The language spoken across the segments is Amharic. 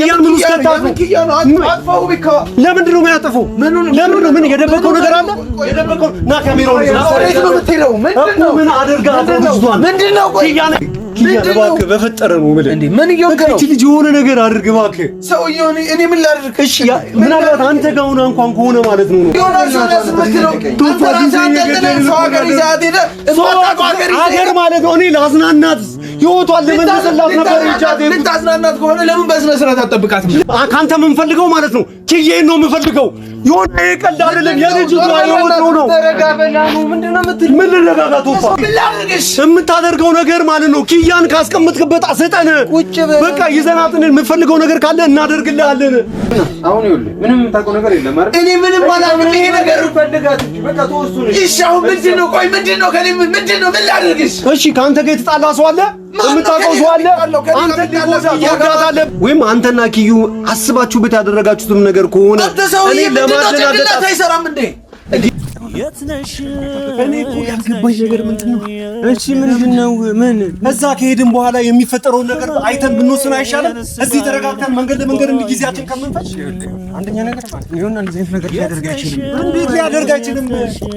ኪያን ምን ውስጥ ለምንድን ነው የሚያጠፋው? ለምንድን ነው ምን የደበቀው ነገር አለ? የደበቀው ና ካሜራውን ነው ምን አደርጋ ነው ቆይ በፈጠረ ነው ምን ልጅ የሆነ ነገር አድርግ እባክህ። ሰውዬውን እኔ ምን ላድርግ? እሺ ምናልባት አንተ ጋር ሆነ እንኳን ከሆነ ማለት ነው ነው ሀገር ማለት ነው እኔ ላዝናናት ህይወቷን ለመመለስላት ነበር። ልታዝናናት ከሆነ ለምን በስነ ስርዓት አጠብቃት? ከአንተ የምንፈልገው ማለት ነው ኪዬ ነው የምፈልገው። የሆነ ቀልድ አይደለም። የልጅ ነው ምን የምታደርገው ነገር ማለት ነው። ኪያን ካስቀምጥክበት ስጠን፣ በቃ ይዘናትን የምፈልገው ነገር ካለ እናደርግልሃለን። እኔ ምንም አላውቅም። ይሄ ነገር እሺ አሁን ምንድን ነው? ቆይ ምንድን ነው ምንድን ነው? ምን እሺ ከአንተ ጋር የተጣላ ሰው አለ የምታውቀው ሰው አለ አንተ ወይም አንተና ኪዩ አስባችሁበት ያደረጋችሁትን ነገር ነገር ከሆነ እኔ ለማደናገጥ አይሰራም እንዴ? እኔ እኮ ያልገባኝ ነገር ምንድን ነው? እሺ ምንድን ነው? ምን እዛ ከሄድን በኋላ የሚፈጠረውን ነገር አይተን ብንወስን አይሻልም? እዚህ ተረጋግተን መንገድ ለመንገድ እንዲህ ጊዜያችን ከምንፈጅ፣ አንደኛ ነገር ይሁን አንድ ዘይት ነገር ሊያደርግ አይችልም። እንዴት ሊያደርግ አይችልም?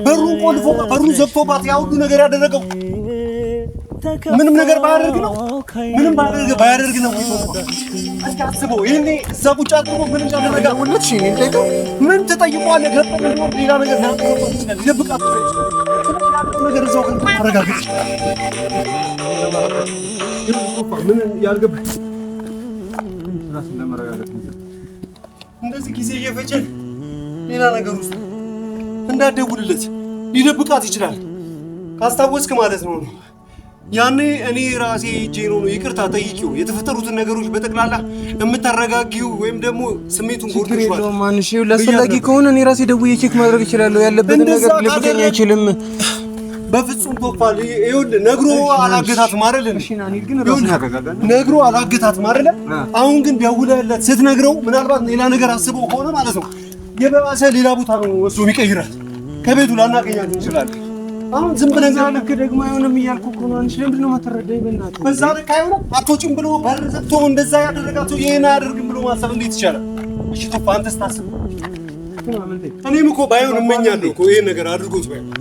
በሩን ቆልፎ በሩን ዘግቶባት ያ ሁሉ ነገር ያደረገው ምንም ነገር ባያደርግ ነው ምንም ባያደርግ ባያደርግ ነው። አስበው። ይሄኔ እዛ ቁጭ አድርጎ ምን እንዳደረገ ወለት ሺ ምን ተጠይቋል? ነው ሌላ ነገር ነው ነገር እዛው ግን አረጋግጥ። ምን ያልገባ እንደዚህ ጊዜ እየፈጀን ሌላ ነገር ውስጥ እንዳትደውልለት ሊደብቃት ይችላል። ካስታወስክ ማለት ነው ነው ያኔ እኔ ራሴ ሄጄ ነው ይቅርታ ጠይቂው የተፈጠሩትን ነገሮች በጠቅላላ የምታረጋጊው ወይም ደግሞ ስሜቱን ጎድቶሻል። ማንሽ ለአስፈላጊ ከሆነ እኔ ራሴ ደውዬ ቼክ ማድረግ እችላለሁ። ያለበትን ነገር ሊብቀኝ አይችልም። በፍጹም ቶፋል። ይሁን ነግሮ አላገታት አይደል? ነግሮ አላገታት አይደል? አሁን ግን ደውለህለት ስትነግረው ምናልባት ሌላ ነገር አስበው ከሆነ ማለት ነው የበባሰ ሌላ ቦታ ነው እሱ የሚቀይራት ከቤቱ ላናገኛት እንችላለን። አሁን ዝም ብለህ ልክ ደግሞ አይሆንም እያልኩ እኮ ነው። አንቺ ለምንድን ነው የማትረዳኝ? በእናትህ በዛ ልክ አይሆንም። አትወጪም ብሎ በር ዘግቶ እንደዛ ያደረጋቸው ይሄን አያደርግም ብሎ ማሰብ እንዴት ይቻላል? እሺ ቶፋ፣ አንተስ ታስብ። እኔም እኮ ባይሆን እመኛለሁ እኮ ይሄን ነገር አድርጎት ባይሆን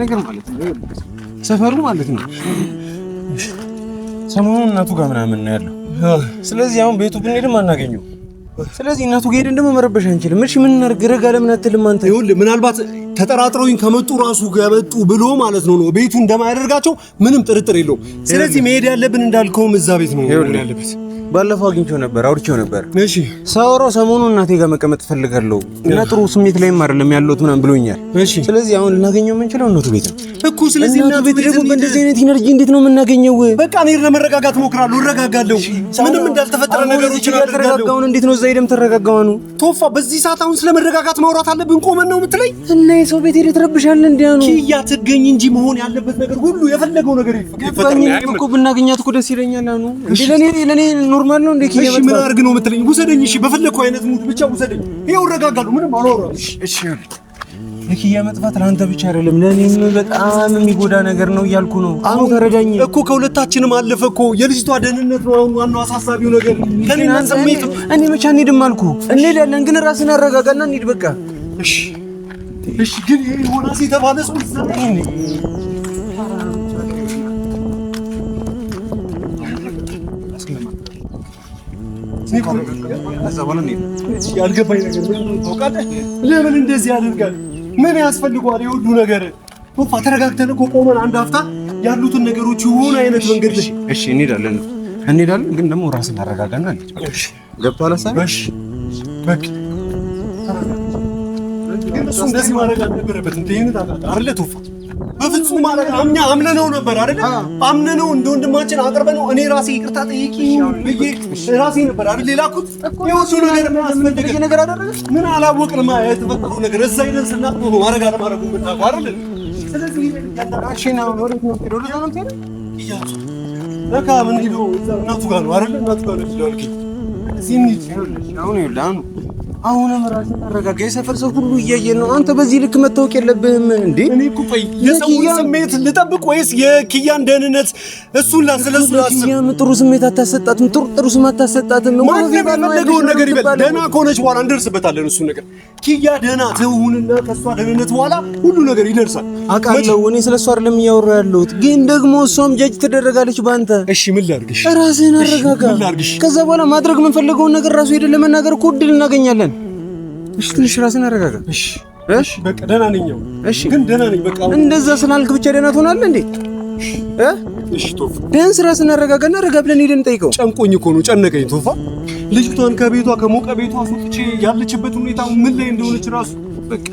ነገር ማለት ነው ሰፈሩ ማለት ነው። ሰሞኑን እናቱ ጋር ምናምን ነው ያለው። ስለዚህ አሁን ቤቱ ብንሄድም አናገኘው። ስለዚህ እናቱ ጋር ሄደን ደግሞ መረበሽ አንችልም። እሺ ምን እናድርግ? ረጋ ለምን አትልም አንተ? ይኸውልህ ምናልባት ተጠራጥረውኝ ከመጡ ራሱ ገበጡ ብሎ ማለት ነው ነው ቤቱ እንደማያደርጋቸው ምንም ጥርጥር የለውም። ስለዚህ መሄድ ያለብን እንዳልከውም እዛ ቤት ነው ያለበት። ባለፈው አግኝቼው ነበር፣ አውርቼው ነበር። እሺ ሳወራው ሰሞኑን እናቴ ጋር መቀመጥ እፈልጋለሁ እና ጥሩ ስሜት ላይም አይደለም ያለሁት ምናምን ብሎኛል። እሺ ስለዚህ አሁን ልናገኘው የምንችለው እናቱ ቤት ነው እኮ። ስለዚህ እናቱ ቤት ደግሞ በእንደዚህ አይነት ኢነርጂ እንዴት ነው የምናገኘው? በቃ እኔ ለመረጋጋት እሞክራለሁ፣ እረጋጋለሁ። ምንም እንዳልተፈጠረ ነገሮች ነው። እንዴት ነው እዛ ሄደም ተረጋጋው ነው ቶፋ። በዚህ ሰዓት አሁን ስለመረጋጋት ማውራት አለብን? ቆመን ነው የምትለኝ? እና የሰው ቤት ሄደህ ትረብሻለህ። እንዴ? ነው ኪያ ትገኝ እንጂ መሆን ያለበት ነገር ሁሉ የፈለገው ነገር ይፈጠራል። ብናገኛት እኮ ደስ ይለኛል። አኑ እንዴ ለኔ ለኔ ኖርማል ነው እንዴ? እሺ ምን አድርግ ነው የምትለኝ? ውሰደኝ። እሺ በፈለኩ አይነት ሙድ ብቻ ውሰደኝ። ይሄው እረጋጋለሁ። ምንም አላወራም። እሺ የኪያ መጥፋት ለአንተ ብቻ አይደለም ለእኔም በጣም የሚጎዳ ነገር ነው እያልኩ ነው። አሁን ተረዳኝ እኮ ከሁለታችንም አለፈ እኮ የልጅቷ ደህንነት ነው አሁን ዋናው አሳሳቢው ነገር። ከኔና ስሜት እኔ ብቻ እንሄድም አልኩ። እንሄዳለን ግን ራስን አረጋጋና እንሂድ በቃ። እሺ እሺ ግን ይሄ ሆናስ የተባለ ሰው ያልገባኝ ለምን እንደዚህ ያደርጋል? ምን ያስፈልገዋል? የሁሉ ነገር ተረጋግተን እኮ ቆመን አንድ ሀፍታ ያሉትን ነገሮች የሆነ አይነት መንገድ ላይ እሺ እንሄዳለን እንሄዳለን፣ ግን ደግሞ ራስን ታረጋጋና ገብቶሃል? እንደዚህ ማድረግ አልነበረበትም። በፍጹም ማለት እኛ አምነነው ነበር አይደል? አምነነው እንደ ወንድማችን አቅርበነው እኔ ራሴ ይቅርታ ጠይቂ ብዬ ራሴ ነበር አይደል? ሌላ ኩት የውሱ ነገር ማስፈልገ ነገር አደረገ ምን አላወቅንም። የተፈጠረው ነገር እዛ ይደን ስናቅ ነው ማረጋ ለማረጉ ምናቁ አይደል? ስለዚህ ያዳራሽና ወሬት ነው ሄዶ ለዛንም ሄዶ ለካ ምን ሄዶ እናቱ ጋር ነው አይደል? እናቱ ጋር ነው ይላልኪ ሲኒ ይሁን ይሁን አሁንም ራስን ተረጋጋ። የሰፈር ሰው ሁሉ እያየን ነው። አንተ በዚህ ልክ መታወቅ የለብህም እንዴ? እኔ እኮ ቆይ የሰውን ስሜት ልጠብቅ ወይስ የኪያን ደህንነት? እሱን ላስለሱ ላስብ። ኪያን ጥሩ ስሜት አታሰጣትም፣ ጥሩ ጥሩ ስም አታሰጣትም። ማንም የፈለገውን ነገር ይበል። ደህና ከሆነች በኋላ እንደርስበታለን። እሱ ነገር ኪያ ደህና ትሁንና ከእሷ ደህንነት በኋላ ሁሉ ነገር ይደርሳል። አውቃለሁ። እኔ ስለ እሱ አይደለም እያወራ ያለሁት፣ ግን ደግሞ እሷም ጃጅ ትደረጋለች በአንተ። እሺ ምን ላድርግሽ? ራስህን አረጋጋ። ከዛ በኋላ ማድረግ የምንፈልገውን ነገር ራሱ ሄደን ለመናገር እኮ እድል እናገኛለን። እሺ፣ ትንሽ ራስን አረጋጋ። እሺ፣ እሺ፣ በቃ ደህና ነኝ። እሺ፣ ግን ደህና ነኝ። በቃ እንደዛ ስላልክ ብቻ ደህና ትሆናለህ እንዴ? እ እሺ፣ ቶፋ ቢያንስ ራስን አረጋጋና ረጋ ብለን ሄደን ጠይቀው። ጨንቆኝ እኮ ነው፣ ጨነቀኝ ቶፋ። ልጅቷን ከቤቷ ከሞቀ ቤቷ አስወጥቼ ያለችበት ሁኔታ ምን ላይ እንደሆነች ራሱ በቃ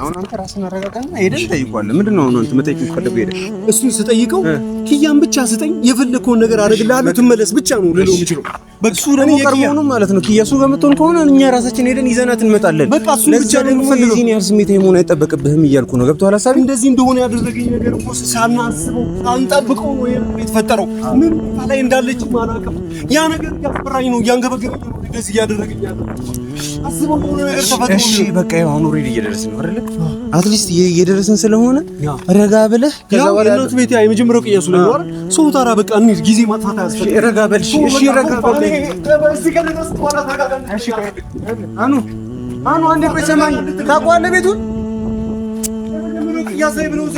አሁን አንተ ራስን አረጋጋና ሄደን ጠይቀዋለን። ምንድን ነው አሁን አንተ መጠየቅ የምትፈልገው? ሄደን እሱን ስጠይቀው ኪያን ብቻ ስጠኝ፣ የፈለከውን ነገር አደርግልሃለሁ፣ ትመለስ ብቻ ነው ልለው የምችለው። በሱ ደግሞ ቀርቦ ማለት ነው። ኪያ በመጥቶን ከሆነ እኛ ራሳችን ሄደን ይዘናት እንመጣለን። በቃ እሱ ብቻ ደግሞ የዚህን ያህል ስሜት መሆን አይጠበቅብህም እያልኩ ነው። ገብቶሃል ሀሳቤ? እንደዚህ እንደሆነ ያደረገኝ ነገር እኮ ሳናስበው ሳንጠብቀው ነው የተፈጠረው። ምን ላይ እንዳለች አላውቅም። ያ ነገር ያፈራኝ ነው፣ እያንገበገበኝ ነው፣ እንደዚህ እያደረገኝ አስበው ነገር ተፈጥሮ። እሺ በቃ ያው አሁን ኦልሬዲ እየደረስን ነው አይደል? አትሊስት እየደረስን ስለሆነ ረጋ ብለህ ከዛ በኋላ ቤት የመጀመሪያው ቅያሱ ነው አይደል? ሰው ታራ በቃ እንሂድ፣ ጊዜ ማጥፋት አያስፈልግም። ረጋ በል እሺ፣ ረጋ በል አኑ፣ አኑ፣ አንዴ ቆይ ሰማኝ። ታውቀዋለህ ቤቱን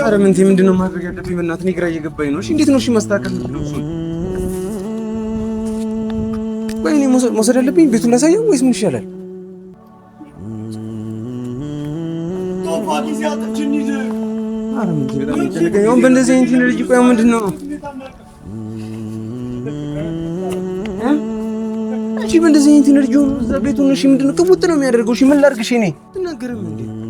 ኧረ ምንቴ፣ ምንድን ነው ማድረግ ያለብኝ? በእናትህ እኔ ግራ እየገባኝ ነው። እሺ፣ እንዴት ነው እሺ ማስተካከል ነው? ቆይ እኔ መውሰድ አለብኝ ቤቱን ላሳየው ወይስ ምን ይሻላል? ጊዜ አሁን በእንደዚህ አይነት ኢነርጂ ቆይ፣ ምንድን ነው እሺ? በእንደዚህ አይነት እዛ ምንድን ነው ቅቡጥ ነው የሚያደርገው? እሺ ምን ላድርግ? እሺ እኔ እንዴ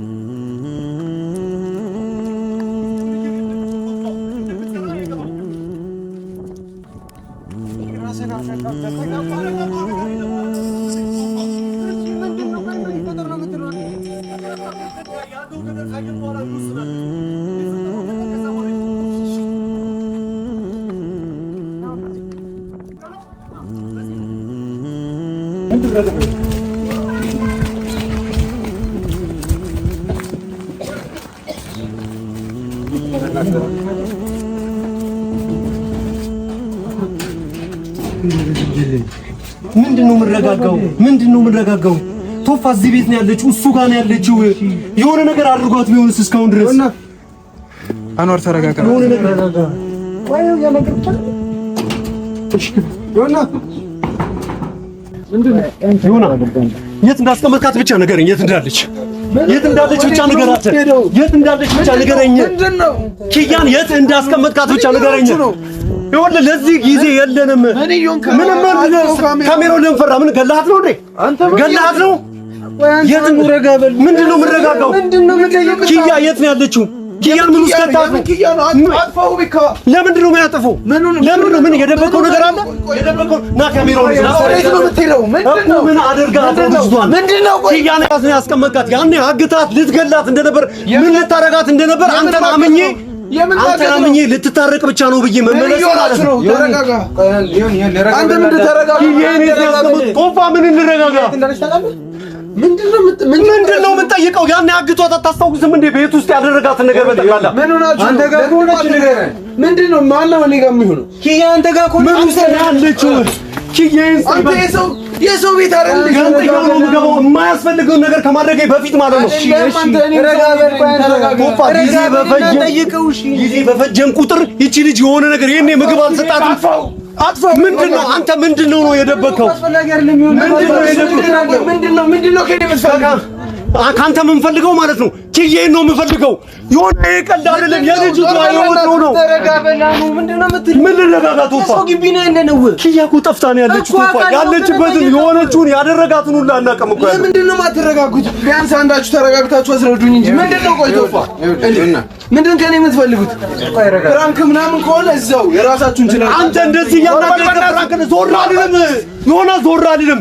ምንድን ነው የምንረጋጋው? ቶፋ እዚህ ቤት ነው ያለችው፣ እሱ ጋር ነው ያለችው። የሆነ ነገር አድርጓት ቢሆንስ? እስካሁን ድረስ አኗር ተረጋጋ። የሆነ ነገር የት እንዳስቀመጥካት ብቻ ንገረኝ። የት እንዳለች የት እንዳለች ብቻ ንገራት። የት እንዳለች ብቻ ንገረኝ። ኪያን የት እንዳስቀመጥካት ብቻ ንገረኝ። ይኸውልህ ለዚህ ጊዜ የለንም። ምንም ካሜራውን ለምፈራ ምን ገላሃት ነው እንዴ? ገላሃት ነው። የት ነው ረጋበል? ምንድን ነው የምንረጋጋው? ኪያ የት ነው ያለችው? ኪያን ምን ውስጥ ከታቱ? ለምንድን ነው የሚያጠፈው? ለምንድን ነው ምን የደበቀው ነገር አለ? የደበቀው ና ምን አደርጋት ነው ኪያን ያስቀመጥካት ያኔ አግታት ልትገላት እንደነበር ምን ልታረጋት እንደነበር አንተን አምኜ ልትታረቅ ብቻ ነው ብዬ መመለስ ማለት ነው። ተረጋጋ። ምን ምን ምንድን ነው የምንጠይቀው? ያን ያግቷት አታስታውስም እንዴ? ቤት ውስጥ ያደረጋትን ነገር በጠቅላላ ምን ሆናችሁ? አንተ ጋር ምንድን ነው? ማን እኔ ጋር የሚሆነው? ኪያ አንተ ጋር ምን የሰው ቤት አይደል ገንጥየው ነው የምገባው። የማያስፈልገውን ነገር ከማድረጌ በፊት ማለት ነው። ጊዜ በፈጀን ቁጥር ይቺ ልጅ የሆነ ነገር ይሄኔ ምግብ አልሰጣትም። አጥፋው። ምንድን ነው አንተ? ምንድን ነው ነው የደበከው? ምንድን ነው ምንድን ነው ምንድን ነው ከአንተ የምንፈልገው ማለት ነው ኪዬን ነው የምንፈልገው። የሆነ ቀልድ አይደለም። የልጅ ነው ነው ምን ልረጋጋ? ቶፋ ኪያ እኮ ጠፍታ ነው ያለችው። ቶፋ ያለችበትን የሆነችውን ያደረጋትን ሁሉ አናውቅም እኮ ያለ ምንድን ነው የማትረጋጉት? ቢያንስ አንዳችሁ ተረጋግታችሁ አስረዱኝ እንጂ ምንድን ነው? ቆይ ቶፋ ምንድን ከኔ የምትፈልጉት? ፍራንክ ምናምን ከሆነ እዛው የራሳችሁን ይችላል። አንተ እንደዚህ እያናገርከ ፍራንክ ዞር አልልም፣ ዞር አልልም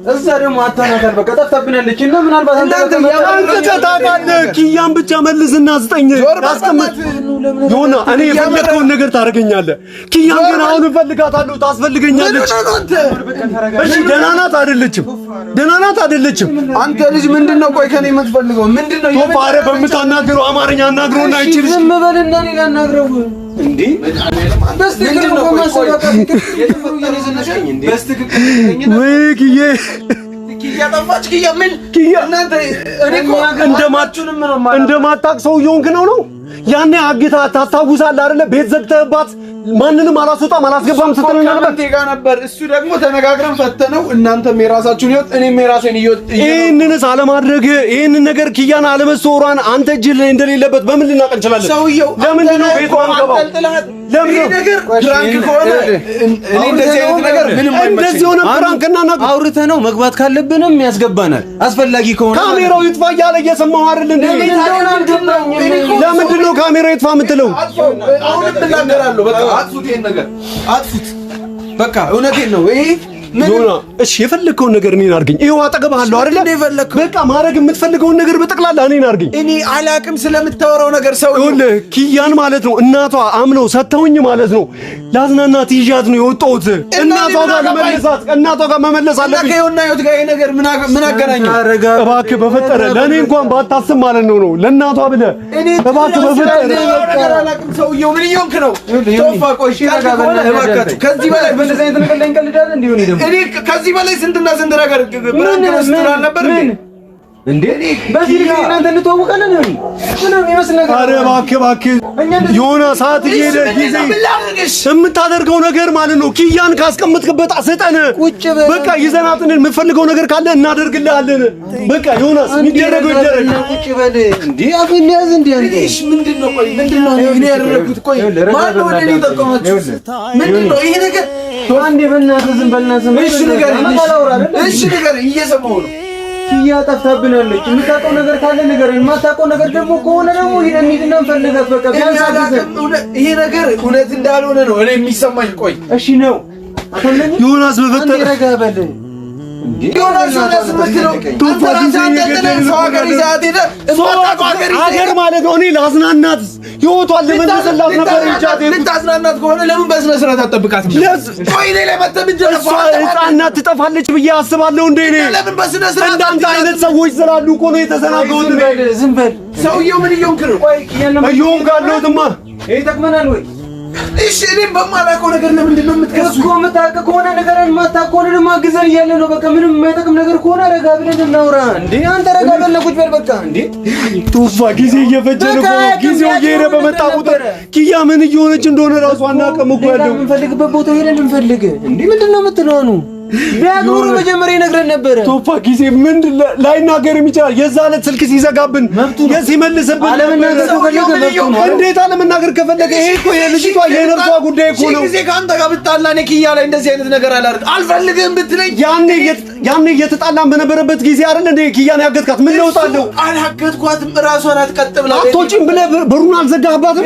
እዛ ደግሞ አታናታል። በቃ ጠፍታብናለች እና ምናልባት አንተ ታውቃለህ። ኪያን ብቻ መልስና አስጠኝ አስቀምጥ። ዮና እኔ የፈለከውን ነገር ታደርገኛለህ። ኪያን ግን አሁን እፈልጋታለሁ፣ ታስፈልገኛለች። እሺ ደህና ናት አይደለችም? ደህና ናት አይደለችም? አንተ ልጅ ምንድነው? ቆይ ከኔ የምትፈልገው ምንድነው? ቶፋ አረ በምታናግረው አማርኛ አናግረውና አይችል ዝም በልና እኔ ላናግረው እንዴ በስትክክል ነው። ነው ወይ ግዬ እንደማታቅ ሰው እየሆንክ ነው ነው ያኔ አግታት ታስታውሳለህ አይደለ? ቤት ዘግተህባት ማንንም አላስወጣም አላስገባም ስትል ነበር። ነበር። እሱ ደግሞ ተነጋግረን ፈተነው። እናንተም የራሳችሁን ህይወት፣ እኔም የራሴን ህይወት። ይህንንስ አለማድረግ ይህንን ነገር ኪያን አለመስተዋሏን አንተ እጅ እንደሌለበት በምን ልናውቅ እንችላለን? ሰውየው ለምን ነው ቤቷ ገባው? ለምን ነገር ፕራንክ ከሆነ እኔ እንደዚህ አይነት ነገር ምንም እንደዚህ ሆነ ፕራንክ እና ነገር ነው መግባት ካለብንም ያስገባናል። አስፈላጊ ከሆነ ካሜራው ይጥፋ እያለ እየሰማሁ አይደል እንዴ? ለምንድን ነው ካሜራ ይጥፋ የምትለው? አሁን እናገራለሁ። በቃ አጥፉት፣ ይሄን ነገር አጥፉት። በቃ እውነቴን ነው ይሄ ምን እሺ የፈለግከውን ነገር እኔን አድርገኝ። ይኸው አጠገብህ አለሁ አይደለ? በቃ ማድረግ የምትፈልገውን ነገር በጠቅላላ እኔን አድርገኝ። እኔ አላቅም ስለምታወራው ነገር ሰው። ይኸውልህ ኪያን ማለት ነው እናቷ አምነው ሰተውኝ ማለት ነው ላዝናና ትይዣት ነው የወጣሁት። እናቷ ጋር መመለሳት እናቷ ጋር መመለስ አለብኝ። ጋር ነገር ምን አገናኘው? እባክህ በፈጠረ ለእኔ እንኳን ባታስብ ማለት ነው ነው ለእናቷ ብለህ እባክህ በፈጠረ አላቅም። ሰውዬው ምን እየሆንክ ነው? ከዚህ በላይ በእንደዚህ አይነት ነገር ላይ እንቀልዳለን እንዲሆን ደግሞ ከዚህ በላይ ስንትና ስንት ነገር እንዴ? እንዴ በዚህ ነው ምንም ይመስል ነገር። የሆነ ሰዓት እየሄደ ጊዜ የምታደርገው ነገር ማለት ነው። ኪያን ካስቀምጥክበት ስጠን በቃ። ይዘናጥን የምፈልገው ነገር ካለ እናደርግልሃለን። በቃ ዮናስ የሚደረገው ይደረግ። ቁጭ በል እንዴ እንዴ እሺ ምንድነው? ቆይ ምንድነው ያደረኩት? ቆይ ምንድነው ይሄ ነገር አንዴ በእናትህ ዝም በልና እሺ ንገረኝ፣ እሺ ንገረኝ። እየሰማሁ ነው። ኪያ ጠፍታብናለች። የምታውቀው ነገር ካለ ነገር የማታውቀው ነገር ደግሞ ከሆነ ደግሞ ሄደን ሂድና እንፈልጋት። በቃ ይሄ ነገር እውነት እንዳልሆነ ነው እኔ የሚሰማኝ። ቆይ እሺ ነው ዮናስ፣ በፈጠረ ረጋ በል ሀገር ማለት ነው። እኔ ላዝናናት ህይወቷን ለመነሰላት ነበር። ልታዝናናት ከሆነ ለምን በስነ ስርዓት አጠብቃትም? ህፃን ትጠፋለች ብዬ አስባለሁ። እንደ እኔ እንዳንተ አይነት ሰዎች ስላሉ እኮ ነው የተሰናገሁት። ዝም በል ሰውዬው። ምን እየሆንክ ነው? እየሆንክ አለሁትማ ይጠቅመናል ወይ እሺ እኔ በማላውቀው ነገር ለምንድን ነው የምትከሱ? እኮ የምታውቅ ከሆነ ነገር የማታውቅ ከሆነ ደግሞ አግዘን እያለ ነው። በቃ ምንም የማይጠቅም ነገር ከሆነ ረጋ ብለን እናውራ። እንዴ አንተ ረጋ ብለን ቁጭ በል በቃ። እንዴ ቱፋ ጊዜ እየፈጀ ነው። ጊዜው እየሄደ በመጣ ቁጥር ኪያ ምን እየሆነች እንደሆነ ራሱ አናውቅም እኮ ያለው የምንፈልግበት ቦታ ሄደን እንፈልግ። እንዴ ምንድን ነው የምትለው ነው ቢያኖሩ መጀመሪያ ይነግረን ነበረ። ቶፋ ጊዜ ምን ላይናገርም ይችላል። የዛ ዕለት ስልክ ሲዘጋብን ሲመልስብን እንዴት አለመናገር ከፈለገ ይሄ እኮ የልጅቷ የነርሷ ጉዳይ እኮ ነው። ጊዜ ከአንተ ጋር ብጣላ እኔ ኪያ ላይ እንደዚህ አይነት ነገር አላደርግም አልፈልግም ብትለኝ ያኔ ያኔ እየተጣላን በነበረበት ጊዜ አይደል እንዴ ኪያን ያገትካት ምን ለውጥ አለው? አላገትኳትም። ራሷ ናት ቀጥ ብላ አትወጪም ብለህ በሩን አልዘጋህባትም?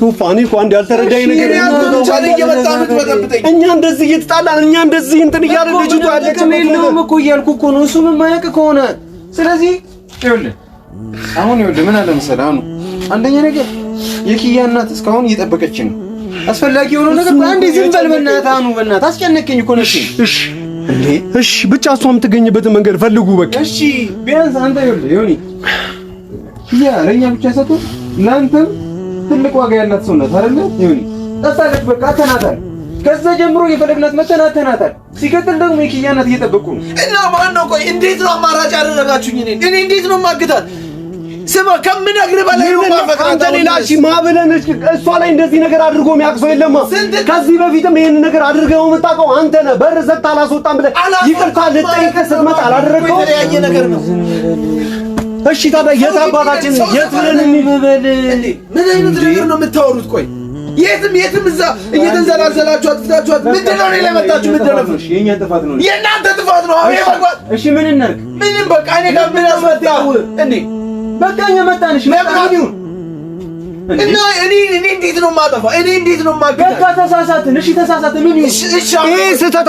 ቱፋ እኔ እኮ አንድ ያልተረዳኝ ነገር እኛ እንደዚህ እየተጣላን እኛ እንደዚህ እንትን እያለ ልጅቷ ያለችው የለውም እኮ እያልኩ እኮ ነው። እሱም የማያውቅ ከሆነ ስለዚህ ይኸውልህ አሁን ይኸውልህ ምን አለ መሰለህ አሁን አንደኛ ነገር የኪያ እናት እስካሁን እየጠበቀች ነው። አስፈላጊ የሆነው ነገር አንዴ ዝም በል በእናትህ አኑ በእናትህ አስጨነቀኝ እኮ ነሽ። እሺ እንዴ እሺ፣ ብቻ እሷ የምትገኝበትን መንገድ ፈልጉ በቃ። እሺ ቢያንስ አንተ ይኸውልህ ይሁን ይያ ለእኛ ብቻ ሰጥቶ ለአንተም ትልቅ ዋጋ ያላት ሰው ናት አይደለ? ይሁን ጠጣለች፣ በቃ አተናታል። ከዛ ጀምሮ የፈለግናት መተን አተናታል። ሲቀጥል ደግሞ የኪያ ናት እየጠበቁ ነው። እና ማን ነው? ቆይ እንዴት ነው አማራጭ ያደረጋችሁኝ? እኔ እኔ እንዴት ነው ማግታት? ስማ ከምነግርህ በላይ ነው ማፈቅራት። አንተ ሌላ እሺ ማብለንሽ እሷ ላይ እንደዚህ ነገር አድርጎ የሚያቅሶ የለማ። ከዚህ በፊትም ይሄን ነገር አድርገው መጣቀው አንተ ነህ። በር ዘግተህ አላስወጣም ብለህ ይቅርታ ልጠይቅህ ስትመጣ አላደረገው። የተለያየ ነገር ነው እሺ ታዲያ የት አባታችን የት ብለን እንበል? ምን አይነት ነገር ነው የምታወሩት? ቆይ የትም የትም እዛ እየተንዘላዘላችሁ አጥፍታችኋት፣ ምንድን ነው እኔ ላይ መጣችሁ እሺ? የኛ ጥፋት ነው፣ የእናንተ ጥፋት ነው። አሁን ይባል እሺ፣ ምን እናድርግ? ምንም በቃ እኔ ጋር ምን አስመጣው እንዴ? በቃ እኛ መጣንሽ መጣን ይሁን እና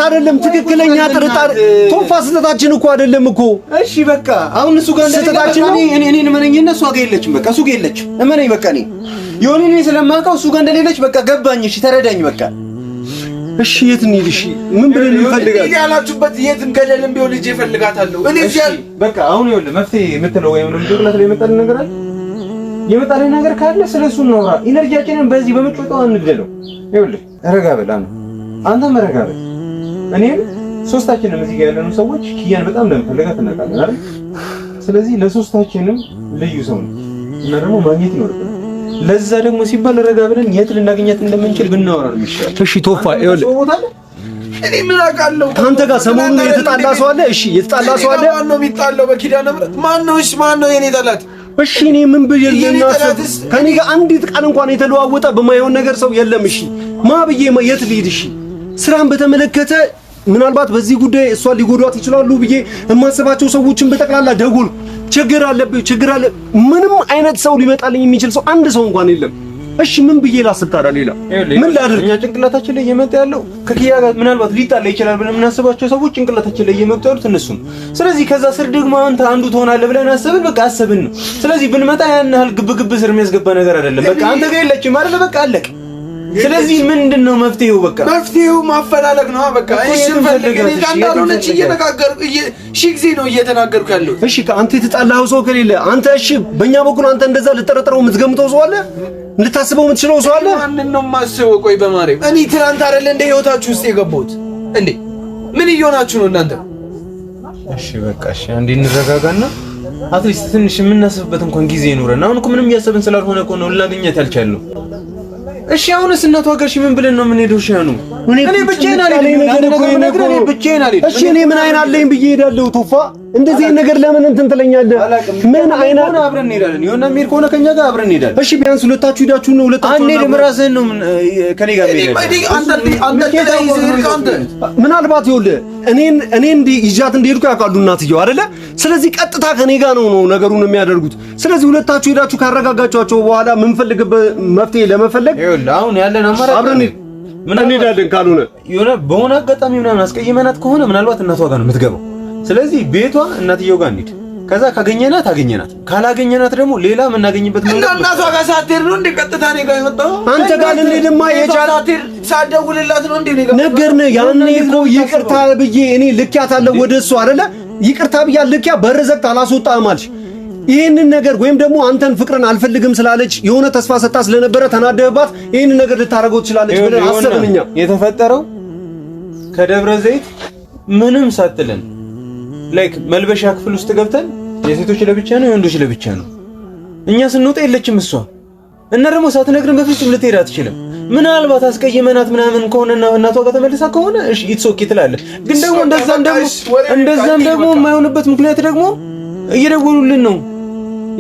አይደለም። ትክክለኛ ጥርጣሬ ቶፋ፣ ስህተታችን እኮ አይደለም እኮ። እሺ በቃ አሁን እሱ ጋር ስህተታችን ነው። እኔ እኔ እመነኝ እሷ ጋር የለችም። በቃ እሱ ጋር የለችም። እመነኝ በቃ እኔ የሆነ እኔ ስለማውቀው እሱ ጋር እንደሌለች በቃ ገባኝ። እሺ ተረዳኝ በቃ እሺ የት እንሂድ? እሺ ምን ብለን እንፈልጋለን? ያላችሁበት የትም ገደልም ቢሆን ልጅ እፈልጋታለሁ። እኔ እዚህ በቃ አሁን ይኸውልህ መፍትሄ የምትለው ወይም ምንም ድርላት ላይ የመጣልን ነገር አለ የመጣለ ነገር ካለ ስለሱ እናውራ። ኢነርጂያችንን በዚህ በመጫወት አንግደለው። ይኸውልህ ረጋ በላ ነው አንተም ረጋ በል እኔም ሶስታችንም እዚህ ጋር ያለነው ሰዎች ኪያን በጣም እንደምፈልጋት እናውቃለን አይደል? ስለዚህ ለሶስታችንም ልዩ ሰው ነው እና ደግሞ ማግኘት ይኖርብናል። ለዛ ደግሞ ሲባል ረጋ ብለን የት ልናገኛት እንደምንችል ብናወራ ነው እሺ ቶፋ ይኸውልህ እኔ ምን አውቃለሁ። ከአንተ ጋር ሰሞኑን የተጣላ ሰው አለ። እሺ የተጣላ ሰው አለ። ማን ነው የሚጣለው? በኪዳነ ምሕረት ማን ነው? እሺ ማን ነው የኔ ጠላት? እሺ እኔ ምን ብዬ ልናስብ? ከኔ ጋር አንዲት ቃል እንኳን የተለዋወጠ በማይሆን ነገር ሰው የለም። እሺ ማ ብዬ የት ልሂድ? እሺ ስራን በተመለከተ ምናልባት በዚህ ጉዳይ እሷን ሊጎዷት ይችላሉ ብዬ የማስባቸው ሰዎችን በጠቅላላ ደውል ችግር አለብኝ ችግር አለ። ምንም አይነት ሰው ሊመጣልኝ የሚችል ሰው አንድ ሰው እንኳን የለም። እሺ ምን ብዬ ላስብ ሌላ ምን ላድርግ? እኛ ጭንቅላታችን ላይ እየመጣ ያለው ከኪያ ጋር ምናልባት ሊጣላ ይችላል ብለን የምናስባቸው ሰዎች ጭንቅላታችን ላይ እየመጡ ያሉት እነሱ ስለዚህ ከዛ ስር ደግሞ አንተ አንዱ ትሆናለህ ብለን አሰብን፣ በቃ አሰብን ነው። ስለዚህ ብንመጣ ያን ያህል ግብግብ ስር የሚያስገባ ነገር አይደለም። በቃ አንተ ጋር የለችም አይደለ? በቃ አለቅ ስለዚህ ምንድን ነው መፍትሄው? በቃ መፍትሄው ማፈላለግ ነው። በቃ እሺ፣ እንዳልሆነች እየነጋገርኩ እሺ፣ ጊዜ ነው እየተናገርኩ ያለው። እሺ፣ ከአንተ የተጣላኸው ሰው ከሌለ አንተ እሺ፣ በእኛ በኩል አንተ እንደዛ ልጠረጥረው የምትገምተው ሰው አለ ልታስበው የምትችለው ሰው አለ? ማንን ነው የማስበው? ቆይ በማርያም እኔ ትናንት አይደለ እንደ ህይወታችሁ ውስጥ የገባሁት እንዴ? ምን እየሆናችሁ ነው እናንተ? እሺ በቃ እሺ፣ አንዴ እንረጋጋና አትሊስት ትንሽ የምናስብበት እንኳን ጊዜ ይኑረን። አሁን እኮ ምንም እያሰብን ስላልሆነ እኮ ነው ላገኘት ያልቻልነው። እሺ አሁንስ እናቷ ጋር እሺ ምን ብለን ነው የምንሄደው? እሺ አኑ እኔ ብቻዬን አልሄድም። እኔ ብቻዬን አልሄድም። እሺ እኔ ምን አይነት አለኝ ብዬ እሄዳለሁ ቶፋ እንደዚህ ነገር ለምን እንትን ትለኛለህ? ምን አይነት ነው? አብረን እንሄዳለን። የሆነ የሚሄድ ከሆነ ከኛ ጋር አብረን እንሄዳለን። እሺ ቢያንስ ሁለታችሁ ሄዳችሁ ነው። ሁለታችሁ አንዴ ራስህን ነው ከኔ ጋር ሄዳለህ። ምናልባት ይኸውልህ እኔን እኔ እኔን ይዣት እንደሄድኩ ያውቃሉ እናትየው አይደለ? ስለዚህ ቀጥታ ከኔ ጋር ነው ነው ነገሩን የሚያደርጉት። ስለዚህ ሁለታችሁ ሄዳችሁ ካረጋጋችኋቸው በኋላ የምንፈልግበት መፍትሄ ለመፈለግ ይኸውልህ አሁን ያለን አማራጭ አብረን ምን እንሄዳለን። ካልሆነ የሆነ በሆነ አጋጣሚ ምናምን አስቀይመናት ከሆነ ምናልባት እናቷ ጋር ነው የምትገባው ስለዚህ ቤቷ እናትየው ጋር እንሂድ። ከዛ ካገኘናት አገኘናት፣ ካላገኘናት ደግሞ ሌላ የምናገኝበት መንገድ እና እናቷ ጋር ሳትሄድ ነው እንዴ ቀጥታ እኔ ጋር የመጣው? አንተ ጋር ልንሄድማ የቻላትር ሳደውልላት ነው እንዴ ነው ነገር ነው። ያኔ እኮ ይቅርታ ብዬ እኔ ልኪያታለሁ ወደ እሱ አይደለ? ይቅርታ ብያ ልኪያ በር ዘግታ አላስወጣህም አልሽ። ይህንን ነገር ወይም ደግሞ አንተን ፍቅርን አልፈልግም ስላለች የሆነ ተስፋ ሰጣ ስለነበረ ተናደህባት ይህንን ነገር ልታደርገው ትችላለች ብለን አሰብንኛ። የተፈጠረው ከደብረ ዘይት ምንም ሳትለን ላይክ መልበሻ ክፍል ውስጥ ገብተን የሴቶች ለብቻ ነው የወንዶች ለብቻ ነው። እኛ ስንወጣ የለችም እሷ እና ደግሞ ሳትነግረን በፍጹም ልትሄድ አትችልም። ምናልባት አስቀይመናት ምናምን ከሆነ እናቷ ጋር ተመልሳ ከሆነ እሺ ኢትስ ኦኬ ትላለህ። ግን ደግሞ እንደዛም ደግሞ እንደዛም ደግሞ የማይሆንበት ምክንያት ደግሞ እየደወሉልን ነው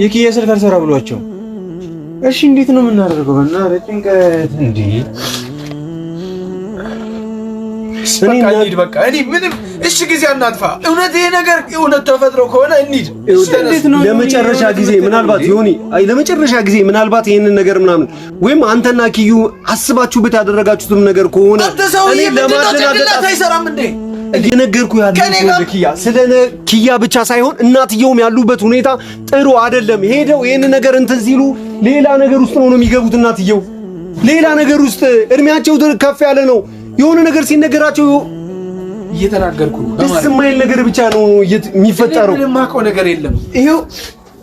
የኪያ ስልክ አልሰራ ብሏቸው። እሺ እንዴት ነው የምናደርገው? እና ጭንቀት እንዴ እሺ ጊዜ አናጥፋ። እውነት ይሄ ነገር እውነት ተፈጥሮ ከሆነ እንሂድ። ለመጨረሻ ጊዜ ምናልባት ዮኒ፣ አይ ለመጨረሻ ጊዜ ምናልባት ይሄንን ነገር ምናምን ወይም አንተና ኪዩ አስባችሁበት ያደረጋችሁትም ነገር ከሆነ እኔ ለማደናገጥ አይሰራም እንዴ እየነገርኩ ያለው ኪያ ስለ ኪያ ብቻ ሳይሆን እናትየውም ያሉበት ሁኔታ ጥሩ አይደለም። ሄደው ይህን ነገር እንትን ሲሉ ሌላ ነገር ውስጥ ነው ነው የሚገቡት። እናትየው ሌላ ነገር ውስጥ እድሜያቸው ከፍ ያለ ነው። የሆነ ነገር ሲነገራቸው እየተናገርኩ ነው። ደስ የማይል ነገር ብቻ ነው የሚፈጠረው። ምንም የማውቀው ነገር የለም። ይኸው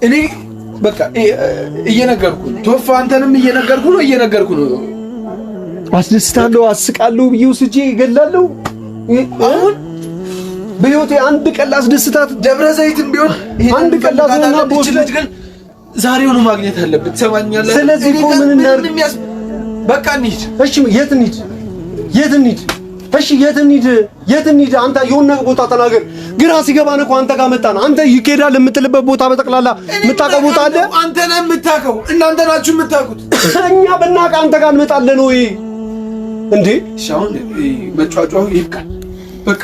እኔ በቃ እየነገርኩ ቶፋ፣ አንተንም እየነገርኩ ነው እየነገርኩ ነው። አስደስታለሁ፣ አስቃለሁ ብዬ ውስጄ እገላለሁ። አሁን በህይወቴ አንድ ቀን ላስደስታት ደብረ ዘይትም ቢሆን አንድ ቀን ላስሆና ልጅ ግን ዛሬውኑ ማግኘት አለብን። ትሰማኛለህ? ስለዚህ ምን እናድርግ? በቃ እንሂድ። እሺ፣ የት እንሂድ? የት እንሂድ? እሺ የት እንሂድ? የት እንሂድ? አንተ የሆነ ቦታ ተናገር። ግራ ሲገባን እኮ አንተ ጋር መጣን። አንተ ይኬዳል የምትልበት ቦታ በጠቅላላ የምታውቀው ቦታ አለ። አንተ ነህ የምታውቀው፣ እናንተ ናችሁ የምታውቁት። እኛ ብናውቅ አንተ ጋር እንመጣለን ወይ እንዴ? ሻውን መጫጫው ይብቃል። በቃ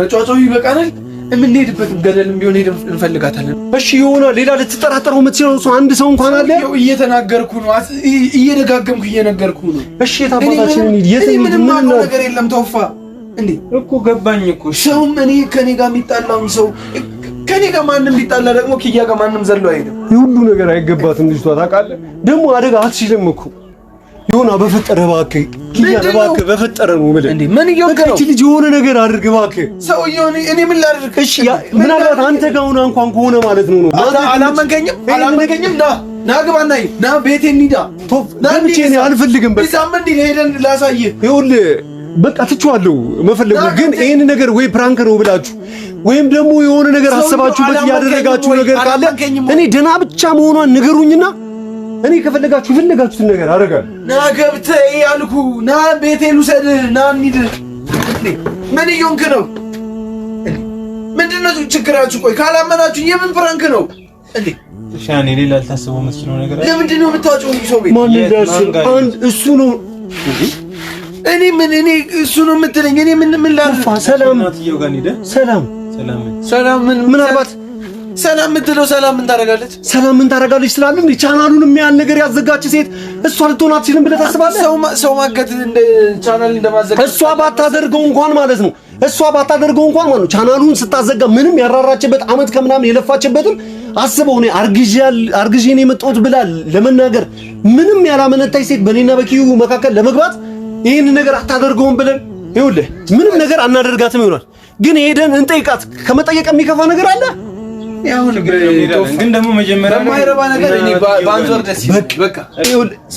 መጫጫው ይበቃናል። የምንሄድበት ገደልም ቢሆን ሄደን እንፈልጋታለን። እሺ የሆነ ሌላ ልትጠራጠረው የምትችለው ሰው አንድ ሰው እንኳን አለ። እየተናገርኩ ነው፣ እየደጋገምኩ እየነገርኩ ነው። እሺ የታባታችን የት ምንም ነገር የለም። ተወፋ እንዴ እኮ ገባኝ እኮ ሰውም እኔ ከኔ ጋር የሚጣላውን ሰው ከኔ ጋር ማንም ቢጣላ ደግሞ ኪያ ጋር ማንም ዘሎ አይሄድም። ሁሉ ነገር አይገባትም ልጅቷ ታውቃለህ። ደግሞ አደጋ አትችልም እኮ የሆነ በፈጠረ እባክህ ኪያን እባክህ በፈጠረ ነው የምልህ። እንዴ ምን ልጅ የሆነ ነገር አድርግ እባክህ። ሰውዬው እኔ ምን ላድርግ? እሺ ምናልባት አንተ ጋር እንኳን ከሆነ ማለት ነው ነው አላመንከኝም፣ አላመንከኝም። ና ና ግባ ና ና ቤቴ እንሂዳ ገብቼ እኔ አልፈልግም። በቃ ሄደን ላሳይህ። ይኸውልህ በቃ መፈለጉ ግን ነገር ወይ ፕራንክ ነው ብላችሁ ወይም ደግሞ የሆነ ነገር አሰባችሁበት እያደረጋችሁ ነገር ካለ እኔ ደህና ብቻ መሆኗን ንገሩኝና እኔ ከፈለጋችሁ የፈለጋችሁትን ነገር አደርጋለሁ። ና ገብተህ ያልኩ ና ቤቴ ልውሰድህ ና እንሂድ። ምን እየሆንክ ነው? ምንድነው ችግራችሁ? ቆይ ካላመናችሁ የምን ፕራንክ ነው እንዴ? ሻኔ ሌላ አልታሰበው መስሎ ነገር ለምንድን ነው የምታወጪው? ሰው ቤት ማን ደርስ አንድ እሱ ነው እኔ ምን እኔ እሱ ነው የምትለኝ? እኔ ምን ምን ላልፋ ሰላም ሰላም ሰላም ምን ምናልባት ሰላም ምትለው ሰላም ምን ታደርጋለች? ሰላም ምን ታደርጋለች እንዴ ቻናሉን የሚያን ነገር ያዘጋች ሴት እሷ ልትሆን አትችልም ብለህ ታስባለህ? ሰው ማገት እንደ ቻናል እንደማዘጋ እሷ ባታደርገው እንኳን ማለት ነው እሷ ባታደርገው እንኳን ማለት ነው ቻናሉን ስታዘጋ ምንም ያራራችበት አመት ከምናምን የለፋችበትም አስበው ነው አርግዣል አርግዤን የመጣሁት ብላ ለመናገር ምንም ያላመነታች ሴት በኔና በኪዩ መካከል ለመግባት ይህን ነገር አታደርገውም ብለን ይኸውልህ ምንም ነገር አናደርጋትም ይሆናል። ግን ሄደን እንጠይቃት። ከመጠየቅ የሚከፋ ነገር አለ? ግን ደግሞ መጀመሪያ በማይረባ ነገር እኔ ባንዞር ደስ ይላል። በቃ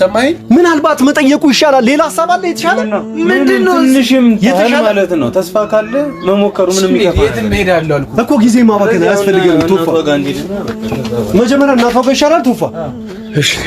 ሰማይ ምናልባት መጠየቁ ይሻላል። ሌላ ሀሳብ አለ የተሻለ ምንድን ነው? ትንሽም ማለት ነው ተስፋ ካለ መሞከሩ ምንም ይከፋል እኮ ጊዜ ማባከን አያስፈልግም። ቶፋ መጀመሪያ ይሻላል ቶፋ